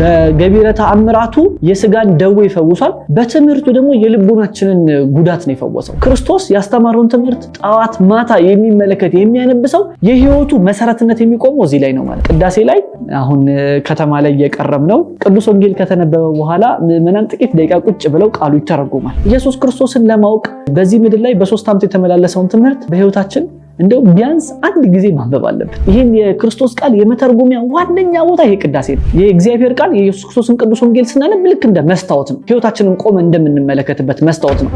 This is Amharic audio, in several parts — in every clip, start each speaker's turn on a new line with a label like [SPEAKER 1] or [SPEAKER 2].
[SPEAKER 1] በገቢረ ተአምራቱ የስጋን ደዌ ይፈውሷል። በትምህርቱ ደግሞ የልቦናችንን ጉዳት ነው የፈወሰው። ክርስቶስ ያስተማረውን ትምህርት ጠዋት ማታ የሚመለከት የሚያነብሰው የህይወቱ መሰረትነት የሚቆመው እዚህ ላይ ነው ማለት ቅዳሴ ላይ አሁን ከተማ ላይ እየቀረም ነው። ቅዱስ ወንጌል ከተነበበ በኋላ ምዕመናን ጥቂት ደቂቃ ቁጭ ብለው ቃሉ ይተረጉማል። ኢየሱስ ክርስቶስን ለማወቅ በዚህ ምድር ላይ በሶስት ዓመት የተመላለሰውን ትምህርት በህይወታችን እንደው ቢያንስ አንድ ጊዜ ማንበብ አለብን። ይህን የክርስቶስ ቃል የመተርጎሚያ ዋነኛ ቦታ ይሄ ቅዳሴ ነው። የእግዚአብሔር ቃል የኢየሱስ ክርስቶስን ቅዱስ ወንጌል ስናነብ ልክ እንደ መስታወት ነው። ህይወታችንን ቆመ እንደምንመለከትበት መስታወት ነው።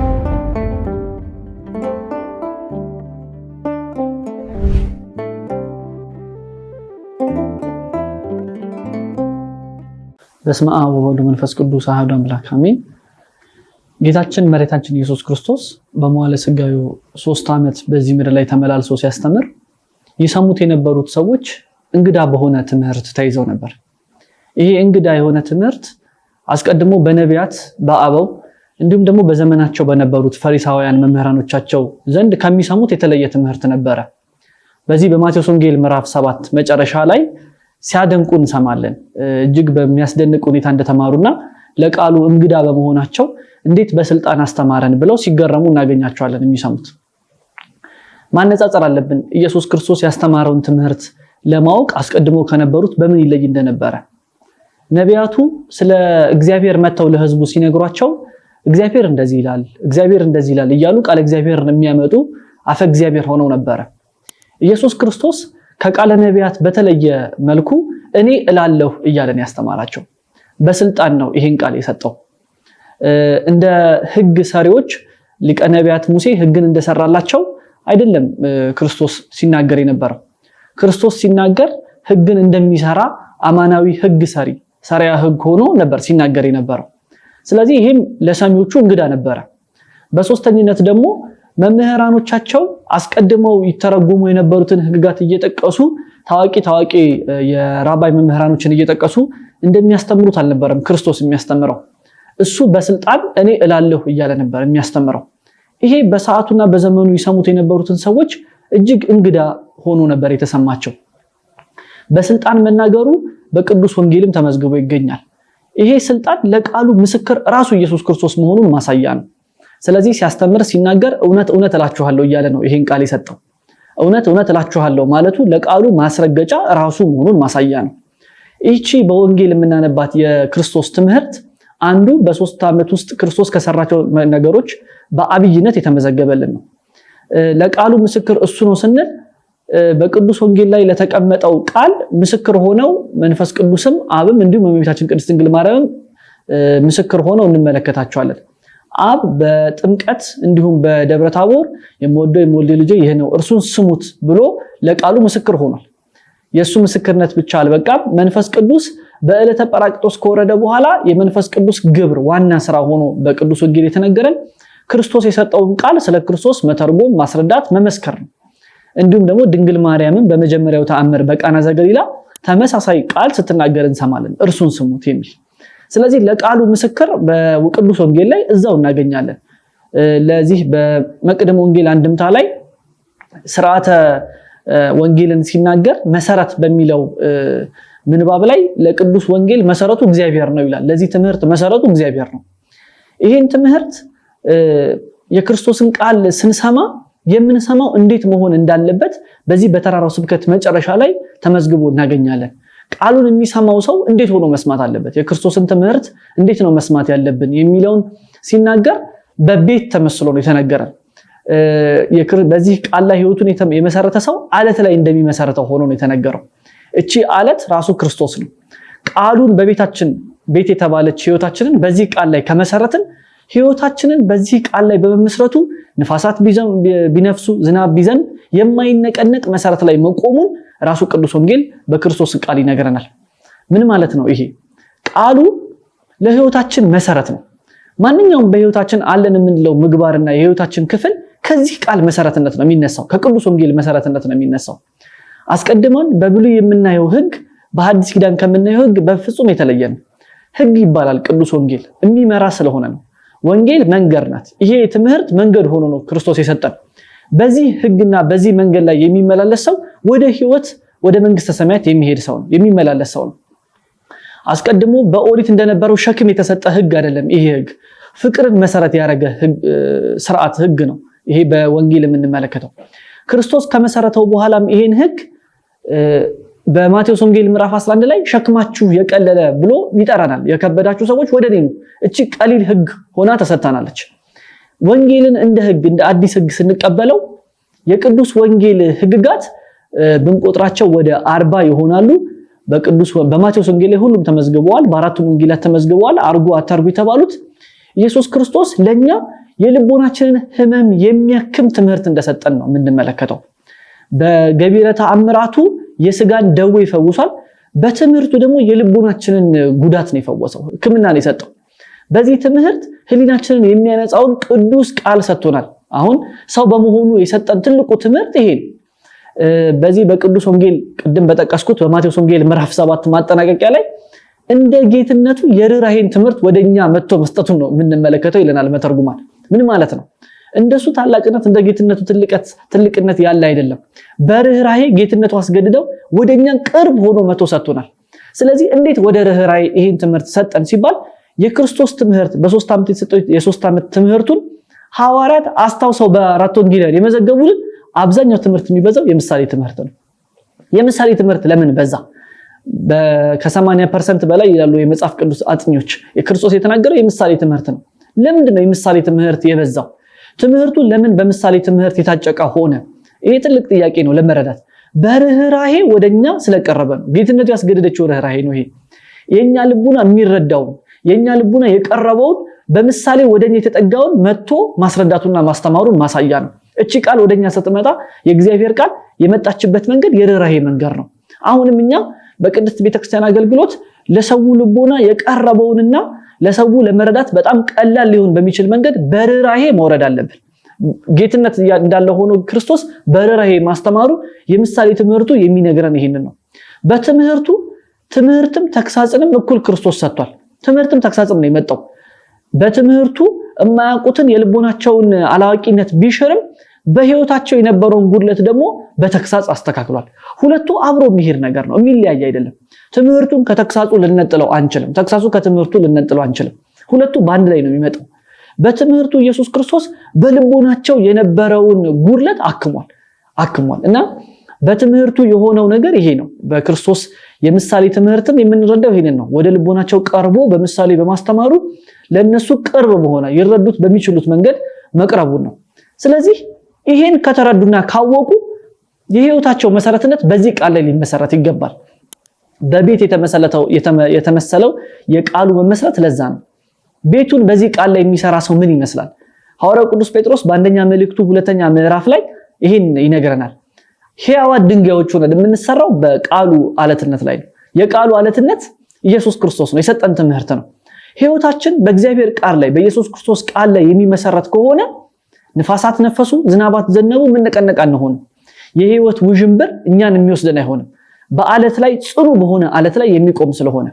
[SPEAKER 2] በስመ አብ ወወልድ ወመንፈስ ቅዱስ አሐዱ አምላክ አሜን። ጌታችን መሬታችን ኢየሱስ ክርስቶስ በመዋለ ስጋዩ ሶስት ዓመት በዚህ ምድር ላይ ተመላልሶ ሲያስተምር ይሰሙት የነበሩት ሰዎች እንግዳ በሆነ ትምህርት ተይዘው ነበር። ይሄ እንግዳ የሆነ ትምህርት አስቀድሞ በነቢያት በአበው እንዲሁም ደግሞ በዘመናቸው በነበሩት ፈሪሳውያን መምህራኖቻቸው ዘንድ ከሚሰሙት የተለየ ትምህርት ነበረ። በዚህ በማቴዎስ ወንጌል ምዕራፍ ሰባት መጨረሻ ላይ ሲያደንቁ እንሰማለን። እጅግ በሚያስደንቅ ሁኔታ እንደተማሩና ለቃሉ እንግዳ በመሆናቸው እንዴት በስልጣን አስተማረን ብለው ሲገረሙ እናገኛቸዋለን የሚሰሙት። ማነጻጸር አለብን። ኢየሱስ ክርስቶስ ያስተማረውን ትምህርት ለማወቅ አስቀድሞ ከነበሩት በምን ይለይ እንደነበረ ነቢያቱ ስለ እግዚአብሔር መጥተው ለሕዝቡ ሲነግሯቸው እግዚአብሔር እንደዚህ ይላል፣ እግዚአብሔር እንደዚህ ይላል እያሉ ቃለ እግዚአብሔርን የሚያመጡ አፈ እግዚአብሔር ሆነው ነበረ። ኢየሱስ ክርስቶስ ከቃለ ነቢያት በተለየ መልኩ እኔ እላለሁ እያለን ያስተማራቸው በስልጣን ነው። ይህን ቃል የሰጠው እንደ ህግ ሰሪዎች ሊቀ ነቢያት ሙሴ ህግን እንደሰራላቸው አይደለም ክርስቶስ ሲናገር የነበረው። ክርስቶስ ሲናገር ህግን እንደሚሰራ አማናዊ ህግ ሰሪ ሰሪያ ህግ ሆኖ ነበር ሲናገር የነበረው። ስለዚህ ይህም ለሰሚዎቹ እንግዳ ነበረ። በሶስተኝነት ደግሞ መምህራኖቻቸው አስቀድመው ይተረጉሙ የነበሩትን ህግጋት እየጠቀሱ ታዋቂ ታዋቂ የራባይ መምህራኖችን እየጠቀሱ እንደሚያስተምሩት አልነበረም ክርስቶስ የሚያስተምረው። እሱ በስልጣን እኔ እላለሁ እያለ ነበር የሚያስተምረው። ይሄ በሰዓቱና በዘመኑ ይሰሙት የነበሩትን ሰዎች እጅግ እንግዳ ሆኖ ነበር የተሰማቸው። በስልጣን መናገሩ በቅዱስ ወንጌልም ተመዝግቦ ይገኛል። ይሄ ስልጣን ለቃሉ ምስክር ራሱ ኢየሱስ ክርስቶስ መሆኑን ማሳያ ነው። ስለዚህ ሲያስተምር ሲናገር እውነት እውነት እላችኋለሁ እያለ ነው ይሄን ቃል የሰጠው። እውነት እውነት እላችኋለሁ ማለቱ ለቃሉ ማስረገጫ ራሱ መሆኑን ማሳያ ነው። ይቺ በወንጌል የምናነባት የክርስቶስ ትምህርት አንዱ በሶስት ዓመት ውስጥ ክርስቶስ ከሰራቸው ነገሮች በአብይነት የተመዘገበልን ነው። ለቃሉ ምስክር እሱ ነው ስንል በቅዱስ ወንጌል ላይ ለተቀመጠው ቃል ምስክር ሆነው መንፈስ ቅዱስም አብም እንዲሁም እመቤታችን ቅድስት ድንግል ማርያምም ምስክር ሆነው እንመለከታቸዋለን። አብ በጥምቀት እንዲሁም በደብረ ታቦር የምወደው የምወልደው ልጄ ይህ ነው እርሱን ስሙት ብሎ ለቃሉ ምስክር ሆኗል። የእሱ ምስክርነት ብቻ አልበቃም። መንፈስ ቅዱስ በዕለተ ጰራቅሊጦስ ከወረደ በኋላ የመንፈስ ቅዱስ ግብር ዋና ስራ ሆኖ በቅዱስ ወንጌል የተነገረን ክርስቶስ የሰጠውን ቃል ስለ ክርስቶስ መተርጎም፣ ማስረዳት፣ መመስከር ነው። እንዲሁም ደግሞ ድንግል ማርያምን በመጀመሪያው ተአምር በቃና ዘገሊላ ተመሳሳይ ቃል ስትናገር እንሰማለን። እርሱን ስሙት የሚል ስለዚህ ለቃሉ ምስክር በቅዱስ ወንጌል ላይ እዛው እናገኛለን። ለዚህ በመቅደም ወንጌል አንድምታ ላይ ስርዓተ ወንጌልን ሲናገር መሰረት በሚለው ምንባብ ላይ ለቅዱስ ወንጌል መሰረቱ እግዚአብሔር ነው ይላል። ለዚህ ትምህርት መሰረቱ እግዚአብሔር ነው። ይህን ትምህርት የክርስቶስን ቃል ስንሰማ የምንሰማው እንዴት መሆን እንዳለበት በዚህ በተራራው ስብከት መጨረሻ ላይ ተመዝግቦ እናገኛለን። ቃሉን የሚሰማው ሰው እንዴት ሆኖ መስማት አለበት፣ የክርስቶስን ትምህርት እንዴት ነው መስማት ያለብን የሚለውን ሲናገር በቤት ተመስሎ ነው የተነገረን። በዚህ ቃል ላይ ህይወቱን የመሰረተ ሰው አለት ላይ እንደሚመሰረተው ሆኖ ነው የተነገረው። እቺ አለት ራሱ ክርስቶስ ነው። ቃሉን በቤታችን ቤት የተባለች ህይወታችንን በዚህ ቃል ላይ ከመሰረትን ህይወታችንን በዚህ ቃል ላይ በመመስረቱ ንፋሳት ቢነፍሱ ዝናብ ቢዘን የማይነቀነቅ መሰረት ላይ መቆሙን ራሱ ቅዱስ ወንጌል በክርስቶስ ቃል ይነግረናል። ምን ማለት ነው? ይሄ ቃሉ ለህይወታችን መሰረት ነው። ማንኛውም በህይወታችን አለን የምንለው ምግባርና የህይወታችን ክፍል ከዚህ ቃል መሰረትነት ነው የሚነሳው፣ ከቅዱስ ወንጌል መሰረትነት ነው የሚነሳው። አስቀድመን በብሉይ የምናየው ህግ በሐዲስ ኪዳን ከምናየው ህግ በፍጹም የተለየ ነው። ህግ ይባላል ቅዱስ ወንጌል የሚመራ ስለሆነ ነው። ወንጌል መንገድ ናት። ይሄ ትምህርት መንገድ ሆኖ ነው ክርስቶስ የሰጠን። በዚህ ህግና በዚህ መንገድ ላይ የሚመላለስ ሰው ወደ ህይወት ወደ መንግስተ ሰማያት የሚሄድ ሰው ነው፣ የሚመላለስ ሰው ነው። አስቀድሞ በኦሪት እንደነበረው ሸክም የተሰጠ ህግ አይደለም። ይሄ ህግ ፍቅርን መሰረት ያደረገ ስርዓት ህግ ነው። ይሄ በወንጌል የምንመለከተው ክርስቶስ ከመሰረተው በኋላም ይሄን ህግ በማቴዎስ ወንጌል ምዕራፍ 11 ላይ ሸክማችሁ የቀለለ ብሎ ይጠራናል። የከበዳችሁ ሰዎች ወደ እኔ ኑ። እቺ ቀሊል ህግ ሆና ተሰጥታናለች። ወንጌልን እንደ ህግ እንደ አዲስ ህግ ስንቀበለው የቅዱስ ወንጌል ህግጋት ብንቆጥራቸው ወደ አርባ ይሆናሉ። በቅዱስ በማቴዎስ ወንጌል ላይ ሁሉም ተመዝግበዋል። በአራቱም ወንጌላት ተመዝግበዋል። አርጉ አታርጉ የተባሉት ኢየሱስ ክርስቶስ ለኛ የልቦናችንን ህመም የሚያክም ትምህርት እንደሰጠን ነው የምንመለከተው። በገቢረ ተአምራቱ የስጋን ደዌ ይፈውሷል። በትምህርቱ ደግሞ የልቦናችንን ጉዳት ነው የፈወሰው፣ ሕክምና ነው የሰጠው። በዚህ ትምህርት ህሊናችንን የሚያነጻውን ቅዱስ ቃል ሰጥቶናል። አሁን ሰው በመሆኑ የሰጠን ትልቁ ትምህርት ይሄ በዚህ በቅዱስ ወንጌል ቅድም በጠቀስኩት በማቴዎስ ወንጌል ምዕራፍ ሰባት ማጠናቀቂያ ላይ እንደ ጌትነቱ የርኅራኄን ትምህርት ወደኛ መጥቶ መስጠቱን ነው የምንመለከተው ይለናል መተርጉማን። ምን ማለት ነው? እንደሱ ታላቅነት እንደ ጌትነቱ ትልቅነት ያለ አይደለም። በርኅራሄ ጌትነቱ አስገድደው ወደ እኛን ቅርብ ሆኖ መቶ ሰጥቶናል። ስለዚህ እንዴት ወደ ርኅራሄ ይህን ትምህርት ሰጠን ሲባል የክርስቶስ ትምህርት በሶስት ዓመት የተሰጠው የሶስት ዓመት ትምህርቱን ሐዋርያት አስታውሰው በአራት ወንጌላውያን የመዘገቡት አብዛኛው ትምህርት የሚበዛው የምሳሌ ትምህርት ነው። የምሳሌ ትምህርት ለምን በዛ? ከሰማንያ ፐርሰንት በላይ ይላሉ የመጽሐፍ ቅዱስ አጥኞች የክርስቶስ የተናገረው የምሳሌ ትምህርት ነው። ለምንድን ነው የምሳሌ ትምህርት የበዛው? ትምህርቱ ለምን በምሳሌ ትምህርት የታጨቀ ሆነ? ይሄ ትልቅ ጥያቄ ነው ለመረዳት። በርህራሄ ወደኛ ስለቀረበ ነው። ጌትነቱ ያስገደደችው ርህራሄ ነው። ይሄ የኛ ልቡና የሚረዳውን የኛ ልቡና የቀረበውን በምሳሌ ወደኛ የተጠጋውን መጥቶ ማስረዳቱና ማስተማሩን ማሳያ ነው። እቺ ቃል ወደኛ ስትመጣ የእግዚአብሔር ቃል የመጣችበት መንገድ የርህራሄ መንገድ ነው። አሁንም እኛ በቅድስት ቤተክርስቲያን አገልግሎት ለሰው ልቦና የቀረበውንና ለሰው ለመረዳት በጣም ቀላል ሊሆን በሚችል መንገድ በርራሄ መውረድ አለብን። ጌትነት እንዳለ ሆኖ ክርስቶስ በርራሄ ማስተማሩ የምሳሌ ትምህርቱ የሚነግረን ይህንን ነው። በትምህርቱ ትምህርትም ተግሳጽንም እኩል ክርስቶስ ሰጥቷል። ትምህርትም ተግሳጽም ነው የመጣው። በትምህርቱ የማያውቁትን የልቦናቸውን አላዋቂነት ቢሽርም በህይወታቸው የነበረውን ጉድለት ደግሞ በተግሳጽ አስተካክሏል። ሁለቱ አብሮ የሚሄድ ነገር ነው፣ የሚለያይ አይደለም። ትምህርቱን ከተግሳጹ ልነጥለው አንችልም፣ ተግሳጹ ከትምህርቱ ልነጥለው አንችልም። ሁለቱ በአንድ ላይ ነው የሚመጣው። በትምህርቱ ኢየሱስ ክርስቶስ በልቦናቸው የነበረውን ጉድለት አክሟል አክሟል እና በትምህርቱ የሆነው ነገር ይሄ ነው። በክርስቶስ የምሳሌ ትምህርትም የምንረዳው ይሄንን ነው። ወደ ልቦናቸው ቀርቦ በምሳሌ በማስተማሩ ለእነሱ ቅርብ በሆነ ይረዱት በሚችሉት መንገድ መቅረቡን ነው። ስለዚህ ይሄን ከተረዱና ካወቁ የህይወታቸው መሰረትነት በዚህ ቃል ላይ ሊመሰረት ይገባል። በቤት የተመሰለው የቃሉ መመስረት ለዛ ነው። ቤቱን በዚህ ቃል ላይ የሚሰራ ሰው ምን ይመስላል? ሐዋርያው ቅዱስ ጴጥሮስ በአንደኛ መልእክቱ ሁለተኛ ምዕራፍ ላይ ይህን ይነግረናል። ሕያዋን ድንጋዮች ሆነን የምንሰራው በቃሉ አለትነት ላይ ነው። የቃሉ አለትነት ኢየሱስ ክርስቶስ ነው፣ የሰጠን ትምህርት ነው። ህይወታችን በእግዚአብሔር ቃል ላይ በኢየሱስ ክርስቶስ ቃል ላይ የሚመሰረት ከሆነ ንፋሳት ነፈሱ፣ ዝናባት ዘነቡ፣ ምንነቀነቅ አንሆንም። የህይወት ውዥንብር እኛን የሚወስደን አይሆንም። በአለት ላይ ጽኑ በሆነ አለት ላይ የሚቆም ስለሆነ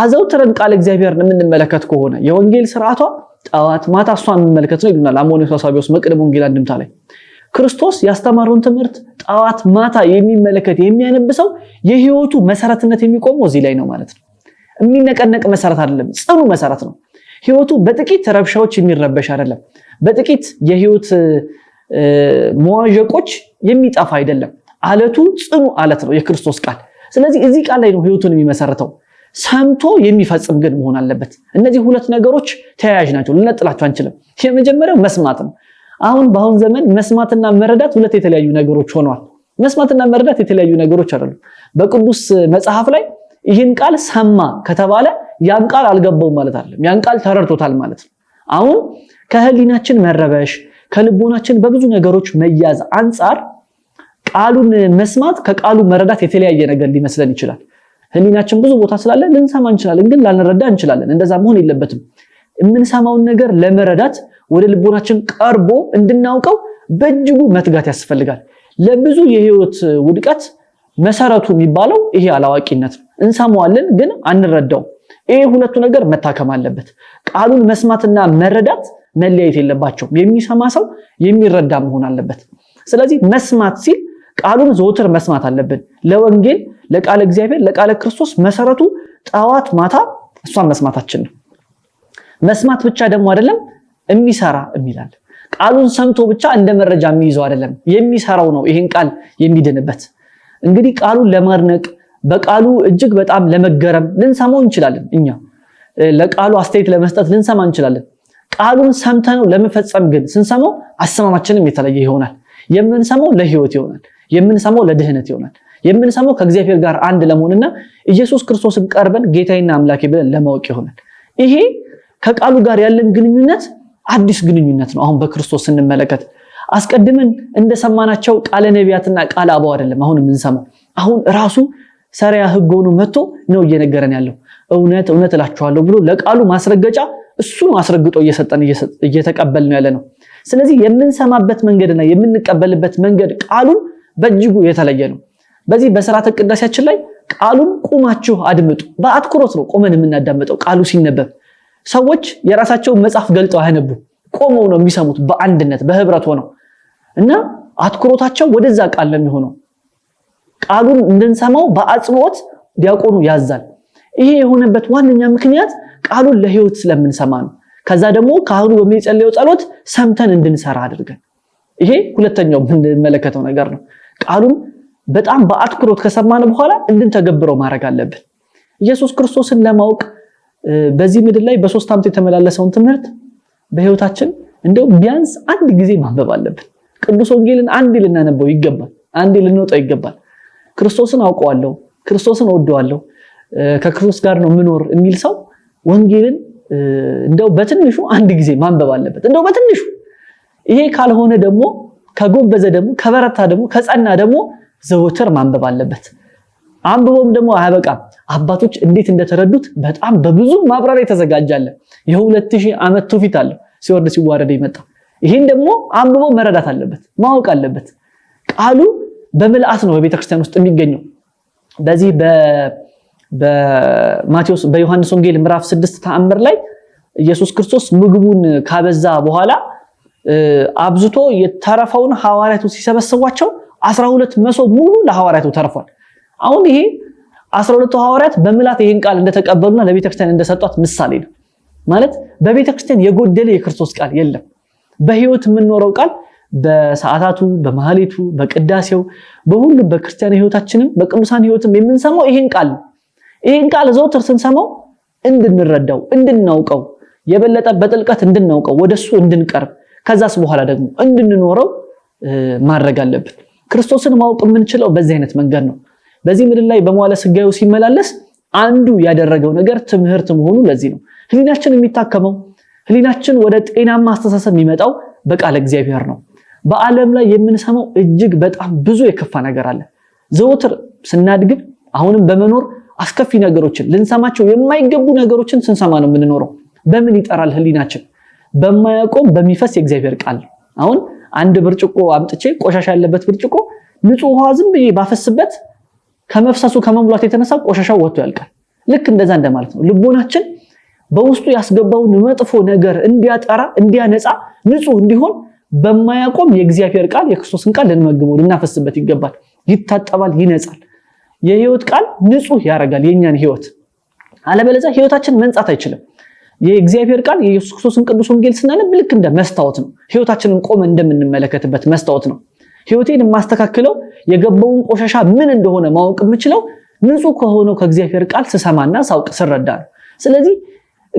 [SPEAKER 2] አዘውትረን ቃል እግዚአብሔር የምንመለከት ከሆነ የወንጌል ስርዓቷ ጠዋት ማታ እሷን የምንመለከት ነው ይሉናል አሞኒ ሳቢዎስ መቅደም ወንጌል አንድምታ ላይ ክርስቶስ ያስተማረውን ትምህርት ጠዋት ማታ የሚመለከት የሚያነብሰው የህይወቱ መሰረትነት የሚቆመው እዚህ ላይ ነው ማለት ነው። የሚነቀነቅ መሰረት አይደለም፣ ጽኑ መሰረት ነው። ህይወቱ በጥቂት ረብሻዎች የሚረበሽ አይደለም። በጥቂት የህይወት መዋዠቆች የሚጠፋ አይደለም። አለቱ ጽኑ አለት ነው የክርስቶስ ቃል። ስለዚህ እዚህ ቃል ላይ ነው ህይወቱን የሚመሰርተው። ሰምቶ የሚፈጽም ግን መሆን አለበት። እነዚህ ሁለት ነገሮች ተያያዥ ናቸው፣ ልነጥላቸው አንችልም። የመጀመሪያው መስማት ነው። አሁን በአሁን ዘመን መስማትና መረዳት ሁለት የተለያዩ ነገሮች ሆነዋል። መስማትና መረዳት የተለያዩ ነገሮች አይደሉም። በቅዱስ መጽሐፍ ላይ ይህን ቃል ሰማ ከተባለ ያን ቃል አልገባውም ማለት አለም፣ ያን ቃል ተረድቶታል ማለት ነው። አሁን ከህሊናችን መረበሽ፣ ከልቦናችን በብዙ ነገሮች መያዝ አንጻር ቃሉን መስማት ከቃሉ መረዳት የተለያየ ነገር ሊመስለን ይችላል። ህሊናችን ብዙ ቦታ ስላለ ልንሰማ እንችላለን፣ ግን ላንረዳ እንችላለን። እንደዛ መሆን የለበትም። የምንሰማውን ነገር ለመረዳት ወደ ልቦናችን ቀርቦ እንድናውቀው በእጅጉ መትጋት ያስፈልጋል። ለብዙ የህይወት ውድቀት መሰረቱ የሚባለው ይሄ አላዋቂነት ነው። እንሰማዋለን ግን አንረዳው ይሄ ሁለቱ ነገር መታከም አለበት። ቃሉን መስማትና መረዳት መለያየት የለባቸውም። የሚሰማ ሰው የሚረዳ መሆን አለበት። ስለዚህ መስማት ሲል ቃሉን ዘወትር መስማት አለብን። ለወንጌል፣ ለቃለ እግዚአብሔር፣ ለቃለ ክርስቶስ መሰረቱ ጠዋት ማታ እሷን መስማታችን ነው። መስማት ብቻ ደግሞ አይደለም የሚሰራ የሚላል ቃሉን ሰምቶ ብቻ እንደ መረጃ የሚይዘው አይደለም፣ የሚሰራው ነው ይህን ቃል የሚድንበት። እንግዲህ ቃሉን ለማድነቅ በቃሉ እጅግ በጣም ለመገረም ልንሰማው እንችላለን። እኛ ለቃሉ አስተያየት ለመስጠት ልንሰማ እንችላለን። ቃሉን ሰምተነው ለመፈጸም ግን ስንሰማው አሰማማችንም የተለየ ይሆናል። የምንሰማው ለህይወት ይሆናል። የምንሰማው ለድህነት ይሆናል። የምንሰማው ከእግዚአብሔር ጋር አንድ ለመሆንና ኢየሱስ ክርስቶስን ቀርበን ጌታዬና አምላኬ ብለን ለማወቅ ይሆናል። ይሄ ከቃሉ ጋር ያለን ግንኙነት አዲስ ግንኙነት ነው። አሁን በክርስቶስ ስንመለከት አስቀድመን እንደሰማናቸው ቃለ ነቢያትና ቃለ አበው አይደለም አሁን የምንሰማው። አሁን ራሱ ሰሪያ ህግ ሆኖ መጥቶ ነው እየነገረን ያለው። እውነት እውነት እላችኋለሁ ብሎ ለቃሉ ማስረገጫ እሱን አስረግጦ እየሰጠን እየተቀበል ነው ያለ ነው። ስለዚህ የምንሰማበት መንገድና የምንቀበልበት መንገድ ቃሉን በእጅጉ የተለየ ነው። በዚህ በስርዓተ ቅዳሴያችን ላይ ቃሉን ቁማችሁ አድምጡ። በአትኩሮት ነው ቆመን የምናዳምጠው። ቃሉ ሲነበብ ሰዎች የራሳቸውን መጽሐፍ ገልጠው አይነቡ ቆመው ነው የሚሰሙት፣ በአንድነት በህብረት ሆነው እና አትኩሮታቸው ወደዛ ቃል ነው የሚሆነው። ቃሉን እንድንሰማው በአጽንኦት ዲያቆኑ ያዛል። ይሄ የሆነበት ዋነኛ ምክንያት ቃሉን ለህይወት ስለምንሰማ ነው። ከዛ ደግሞ ካህኑ በሚጸልየው ጸሎት ሰምተን እንድንሰራ አድርገን። ይሄ ሁለተኛው የምንመለከተው ነገር ነው። ቃሉን በጣም በአትኩሮት ከሰማን በኋላ እንድንተገብረው ማድረግ አለብን። ኢየሱስ ክርስቶስን ለማወቅ በዚህ ምድር ላይ በሶስት ዓመት የተመላለሰውን ትምህርት በህይወታችን እንደውም ቢያንስ አንድ ጊዜ ማንበብ አለብን። ቅዱስ ወንጌልን አንዴ ልናነበው ይገባል። አንዴ ልንወጣው ይገባል። ክርስቶስን አውቀዋለሁ፣ ክርስቶስን ወደዋለሁ ከክርስቶስ ጋር ነው የምኖር የሚል ሰው ወንጌልን እንደው በትንሹ አንድ ጊዜ ማንበብ አለበት። እንደው በትንሹ ይሄ ካልሆነ ደግሞ ከጎበዘ ደግሞ ከበረታ ደግሞ ከጸና ደግሞ ዘወትር ማንበብ አለበት። አንብቦም ደግሞ አያበቃም። አባቶች እንዴት እንደተረዱት በጣም በብዙ ማብራሪያ የተዘጋጃለ የሁለት ሺህ ዓመት ትውፊት አለው ሲወርድ ሲዋረድ የመጣ ይህን ደግሞ አንብቦ መረዳት አለበት፣ ማወቅ አለበት። ቃሉ በምልአት ነው በቤተክርስቲያን ውስጥ የሚገኘው በዚህ በማቴዎስ በዮሐንስ ወንጌል ምዕራፍ ስድስት ተአምር ላይ ኢየሱስ ክርስቶስ ምግቡን ካበዛ በኋላ አብዝቶ የተረፈውን ሐዋርያቱ ሲሰበስቧቸው አስራ ሁለት መሶብ ሙሉ ለሐዋርያቱ ተርፏል። አሁን ይሄ አስራ ሁለቱ ሐዋርያት በምላት ይህን ቃል እንደተቀበሉና ለቤተክርስቲያን እንደሰጧት ምሳሌ ነው። ማለት በቤተክርስቲያን የጎደለ የክርስቶስ ቃል የለም። በህይወት የምንኖረው ቃል በሰዓታቱ፣ በማህሌቱ፣ በቅዳሴው፣ በሁሉም በክርስቲያን ህይወታችንም በቅዱሳን ህይወትም የምንሰማው ይህን ቃል ነው። ይህን ቃል ዘውትር ስንሰማው እንድንረዳው፣ እንድናውቀው፣ የበለጠ በጥልቀት እንድናውቀው፣ ወደሱ እንድንቀርብ፣ ከዛስ በኋላ ደግሞ እንድንኖረው ማድረግ አለብን። ክርስቶስን ማወቅ የምንችለው በዚህ አይነት መንገድ ነው። በዚህ ምድር ላይ በመዋለ ስጋዩ ሲመላለስ አንዱ ያደረገው ነገር ትምህርት መሆኑ ለዚህ ነው። ህሊናችን የሚታከመው ህሊናችን ወደ ጤናማ አስተሳሰብ የሚመጣው በቃለ እግዚአብሔር ነው። በዓለም ላይ የምንሰማው እጅግ በጣም ብዙ የከፋ ነገር አለ። ዘወትር ስናድግን አሁንም በመኖር አስከፊ ነገሮችን ልንሰማቸው የማይገቡ ነገሮችን ስንሰማ ነው የምንኖረው። በምን ይጠራል ህሊናችን? በማያቆም በሚፈስ የእግዚአብሔር ቃል። አሁን አንድ ብርጭቆ አምጥቼ ቆሻሻ ያለበት ብርጭቆ ንጹህ ውሃ ዝም ብዬ ባፈስበት ከመፍሰሱ ከመሙላት የተነሳ ቆሻሻው ወጥቶ ያልቃል። ልክ እንደዛ እንደማለት ነው። ልቦናችን በውስጡ ያስገባውን መጥፎ ነገር እንዲያጠራ፣ እንዲያነጻ፣ ንጹህ እንዲሆን በማያቆም የእግዚአብሔር ቃል የክርስቶስን ቃል ልንመግበው ልናፈስበት ይገባል። ይታጠባል፣ ይነጻል። የህይወት ቃል ንጹህ ያደርጋል የእኛን ህይወት። አለበለዚያ ህይወታችን መንጻት አይችልም። የእግዚአብሔር ቃል የኢየሱስ ክርስቶስን ቅዱስ ወንጌል ስናነብ ልክ እንደ መስታወት ነው። ህይወታችንን ቆመ እንደምንመለከትበት መስታወት ነው። ህይወቴን የማስተካክለው የገባውን ቆሻሻ ምን እንደሆነ ማወቅ የምችለው ንጹህ ከሆነው ከእግዚአብሔር ቃል ስሰማና ሳውቅ ስረዳ ነው። ስለዚህ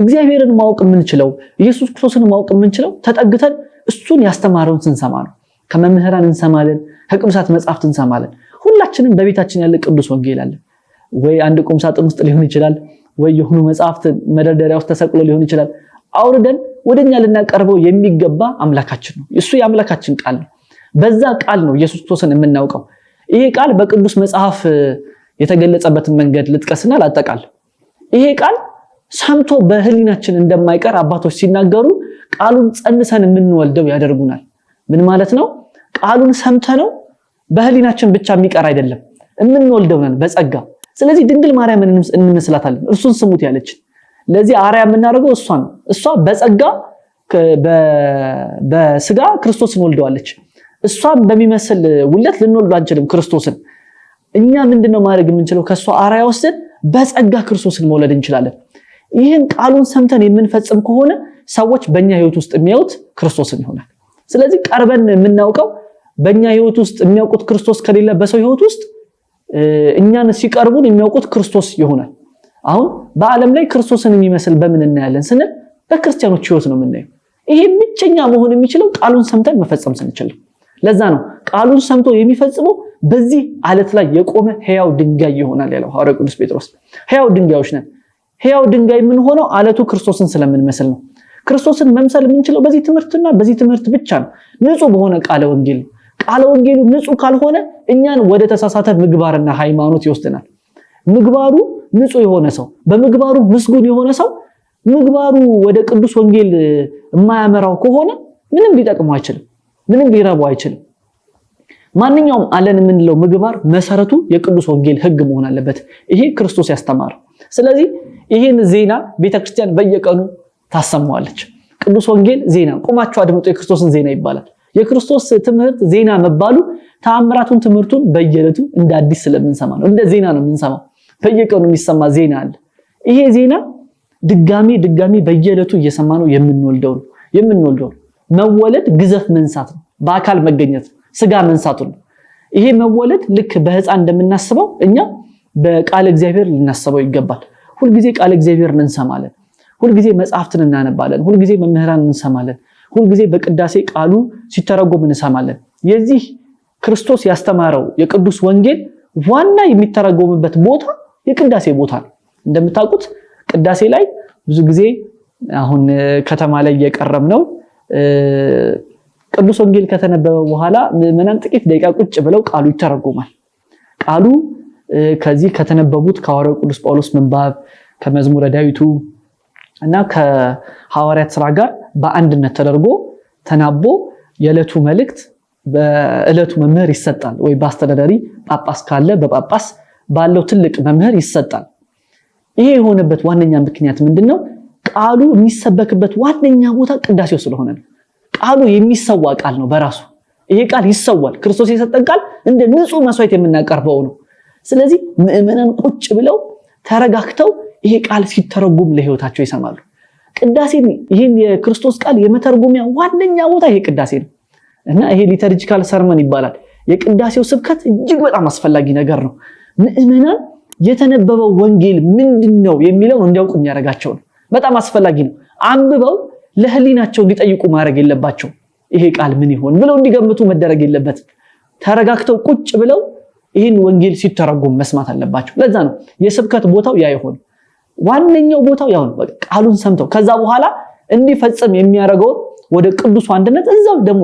[SPEAKER 2] እግዚአብሔርን ማወቅ የምንችለው ኢየሱስ ክርስቶስን ማወቅ የምንችለው ተጠግተን እሱን ያስተማረውን ስንሰማ ነው። ከመምህራን እንሰማለን፣ ከቅዱሳት መጽሐፍት እንሰማለን። ሁላችንም በቤታችን ያለ ቅዱስ ወንጌል አለ ወይ አንድ ቁም ሳጥን ውስጥ ሊሆን ይችላል፣ ወይ የሆኑ መጽሐፍት መደርደሪያ ውስጥ ተሰቅሎ ሊሆን ይችላል። አውርደን ወደኛ ልናቀርበው የሚገባ አምላካችን ነው። እሱ የአምላካችን ቃል ነው። በዛ ቃል ነው ኢየሱስ ክርስቶስን የምናውቀው። ይሄ ቃል በቅዱስ መጽሐፍ የተገለጸበትን መንገድ ልጥቀስና ላጠቃል። ይሄ ቃል ሰምቶ በህሊናችን እንደማይቀር አባቶች ሲናገሩ ቃሉን ጸንሰን የምንወልደው ያደርጉናል። ምን ማለት ነው? ቃሉን ሰምተ ነው በህሊናችን ብቻ የሚቀር አይደለም፣ የምንወልደው ነን በጸጋ። ስለዚህ ድንግል ማርያምን እንመስላታለን። እርሱን ስሙት ያለች ለዚህ አርያ የምናደርገው እሷ ነው። እሷ በጸጋ በስጋ ክርስቶስን ወልደዋለች። እሷን በሚመስል ውለት ልንወልዱ አንችልም ክርስቶስን። እኛ ምንድነው ማድረግ የምንችለው? ከእሷ አርያ ወስደን በጸጋ ክርስቶስን መውለድ እንችላለን። ይህን ቃሉን ሰምተን የምንፈጽም ከሆነ ሰዎች በእኛ ህይወት ውስጥ የሚያዩት ክርስቶስን ይሆናል። ስለዚህ ቀርበን የምናውቀው በእኛ ህይወት ውስጥ የሚያውቁት ክርስቶስ ከሌለ በሰው ህይወት ውስጥ እኛን ሲቀርቡን የሚያውቁት ክርስቶስ ይሆናል። አሁን በዓለም ላይ ክርስቶስን የሚመስል በምን እናያለን ስንል በክርስቲያኖች ህይወት ነው የምናየው። ይሄ ብቸኛ መሆን የሚችለው ቃሉን ሰምተን መፈጸም ስንችል። ለዛ ነው ቃሉን ሰምቶ የሚፈጽመው በዚህ አለት ላይ የቆመ ህያው ድንጋይ ይሆናል ያለው ሐዋርያው ቅዱስ ጴጥሮስ። ህያው ድንጋዮች ነን። ህያው ድንጋይ የምንሆነው አለቱ ክርስቶስን ስለምንመስል ነው። ክርስቶስን መምሰል የምንችለው በዚህ ትምህርትና በዚህ ትምህርት ብቻ ነው፣ ንጹህ በሆነ ቃለ ወንጌል ነው። ቃለ ወንጌሉ ንጹህ ካልሆነ እኛን ወደ ተሳሳተ ምግባርና ሃይማኖት ይወስደናል። ምግባሩ ንጹህ የሆነ ሰው፣ በምግባሩ ምስጉን የሆነ ሰው ምግባሩ ወደ ቅዱስ ወንጌል የማያመራው ከሆነ ምንም ሊጠቅሙ አይችልም፣ ምንም ሊረቡ አይችልም። ማንኛውም አለን የምንለው ምግባር መሰረቱ የቅዱስ ወንጌል ሕግ መሆን አለበት። ይሄ ክርስቶስ ያስተማረ። ስለዚህ ይህን ዜና ቤተክርስቲያን በየቀኑ ታሰማዋለች። ቅዱስ ወንጌል ዜና ቁማችሁ አድምጦ የክርስቶስን ዜና ይባላል። የክርስቶስ ትምህርት ዜና መባሉ ተአምራቱን ትምህርቱን በየለቱ እንደ አዲስ ስለምንሰማ ነው። እንደ ዜና ነው የምንሰማው። በየቀኑ የሚሰማ ዜና አለ። ይሄ ዜና ድጋሚ ድጋሚ በየለቱ እየሰማ ነው የምንወልደው ነው የምንወልደው ነው። መወለድ ግዘፍ መንሳት ነው። በአካል መገኘት ነው። ስጋ መንሳት ነው። ይሄ መወለድ ልክ በህፃን እንደምናስበው እኛ በቃለ እግዚአብሔር ልናስበው ይገባል። ሁልጊዜ ቃለ እግዚአብሔር እንሰማለን። ሁልጊዜ መጽሐፍትን እናነባለን። ሁልጊዜ መምህራን እንሰማለን። ሁልጊዜ በቅዳሴ ቃሉ ሲተረጎም እንሰማለን። የዚህ ክርስቶስ ያስተማረው የቅዱስ ወንጌል ዋና የሚተረጎምበት ቦታ የቅዳሴ ቦታ ነው። እንደምታውቁት ቅዳሴ ላይ ብዙ ጊዜ አሁን ከተማ ላይ እየቀረም ነው ቅዱስ ወንጌል ከተነበበ በኋላ ምዕመናን ጥቂት ደቂቃ ቁጭ ብለው ቃሉ ይተረጎማል። ቃሉ ከዚህ ከተነበቡት ከሐዋርያው ቅዱስ ጳውሎስ ምንባብ ከመዝሙረ ዳዊቱ እና ከሐዋርያት ስራ ጋር በአንድነት ተደርጎ ተናቦ የዕለቱ መልእክት በዕለቱ መምህር ይሰጣል ወይ በአስተዳዳሪ ጳጳስ ካለ በጳጳስ ባለው ትልቅ መምህር ይሰጣል። ይሄ የሆነበት ዋነኛ ምክንያት ምንድን ነው? ቃሉ የሚሰበክበት ዋነኛ ቦታ ቅዳሴው ስለሆነ ነው። ቃሉ የሚሰዋ ቃል ነው በራሱ ይሄ ቃል ይሰዋል። ክርስቶስ የሰጠን ቃል እንደ ንጹህ መስዋዕት የምናቀርበው ነው። ስለዚህ ምእመናን ቁጭ ብለው ተረጋግተው ይሄ ቃል ሲተረጉም ለህይወታቸው ይሰማሉ። ቅዳሴን ይህን የክርስቶስ ቃል የመተርጎሚያ ዋነኛ ቦታ ይሄ ቅዳሴ ነው እና ይሄ ሊተርጂካል ሰርመን ይባላል። የቅዳሴው ስብከት እጅግ በጣም አስፈላጊ ነገር ነው። ምእመናን የተነበበው ወንጌል ምንድን ነው የሚለውን እንዲያውቁ የሚያደርጋቸው ነው። በጣም አስፈላጊ ነው። አንብበው ለህሊናቸው እንዲጠይቁ ማድረግ የለባቸው። ይሄ ቃል ምን ይሆን ብለው እንዲገምቱ መደረግ የለበትም። ተረጋግተው ቁጭ ብለው ይህን ወንጌል ሲተረጎም መስማት አለባቸው። ለዛ ነው የስብከት ቦታው ያ ይሆን ዋነኛው ቦታው ያው ነው። ቃሉን ሰምተው ከዛ በኋላ እንዲፈጽም የሚያደርገውን ወደ ቅዱሱ አንድነት እዛው ደግሞ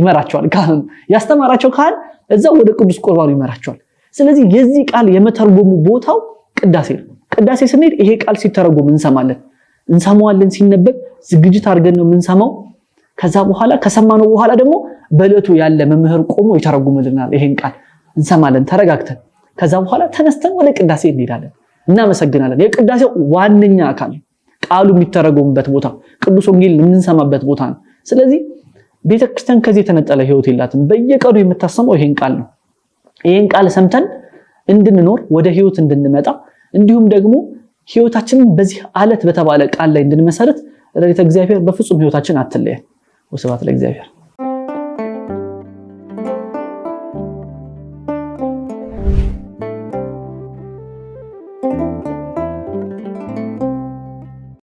[SPEAKER 2] ይመራቸዋል። ካህኑ ያስተማራቸው ካህን እዛው ወደ ቅዱስ ቁርባኑ ይመራቸዋል። ስለዚህ የዚህ ቃል የመተርጎሙ ቦታው ቅዳሴ ነው። ቅዳሴ ስንሄድ ይሄ ቃል ሲተረጎም እንሰማለን፣ እንሰማዋለን። ሲነበብ ዝግጅት አድርገን ነው የምንሰማው። ከዛ በኋላ ከሰማነው በኋላ ደግሞ በእለቱ ያለ መምህር ቆሞ ይተረጉምልናል። ይሄን ቃል እንሰማለን ተረጋግተን። ከዛ በኋላ ተነስተን ወደ ቅዳሴ እንሄዳለን። እናመሰግናለን። የቅዳሴው ዋነኛ አካል ቃሉ የሚተረጎምበት ቦታ፣ ቅዱስ ወንጌል የምንሰማበት ቦታ ነው። ስለዚህ ቤተክርስቲያን ከዚህ የተነጠለ ህይወት የላትም። በየቀኑ የምታሰማው ይሄን ቃል ነው። ይሄን ቃል ሰምተን እንድንኖር ወደ ህይወት እንድንመጣ እንዲሁም ደግሞ ህይወታችንን በዚህ አለት በተባለ ቃል ላይ እንድንመሰረት ረድኤተ እግዚአብሔር በፍጹም ህይወታችን አትለየን። ወስብሐት ለእግዚአብሔር።